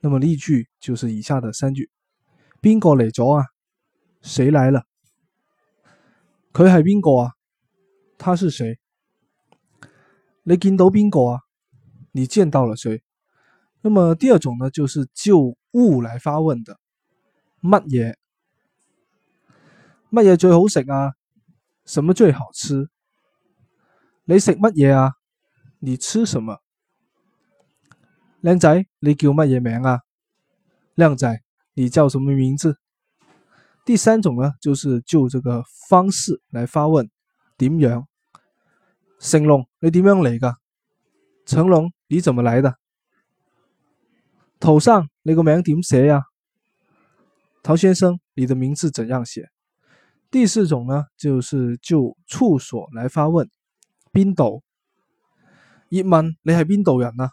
那麼呢句就是以下的三句：邊個嚟咗啊？誰來了？佢係邊個啊？他是誰？你見到邊個啊？你見到了誰？那麼第二種呢，就是就物來發問的：乜嘢？乜嘢最好食啊？什麼最好吃？你食乜嘢啊？你吃什麼？靚仔，你叫乜嘢名啊？靚仔，你叫什麼名字？第三種呢，就是就這個方式來發問，點樣？成龍，你點樣嚟噶？成龍，你怎麼來的？陶生，你個名點寫啊？陶先生，你的名字怎樣寫？第四種呢，就是就處所來發問，邊度？葉問，你係邊度人啊？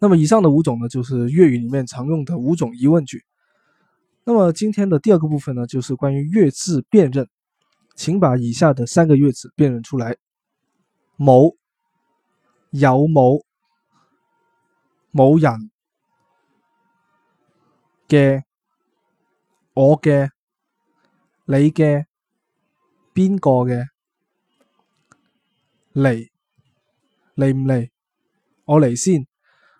那麼以上的五種呢，就是粵語裏面常用的五種疑問句。那麼今天的第二個部分呢，就是關於粵字辨認，請把以下的三個粵字辨認出來：冇、有冇、冇人、嘅、我嘅、你嘅、邊個嘅、嚟、嚟唔嚟、我嚟先。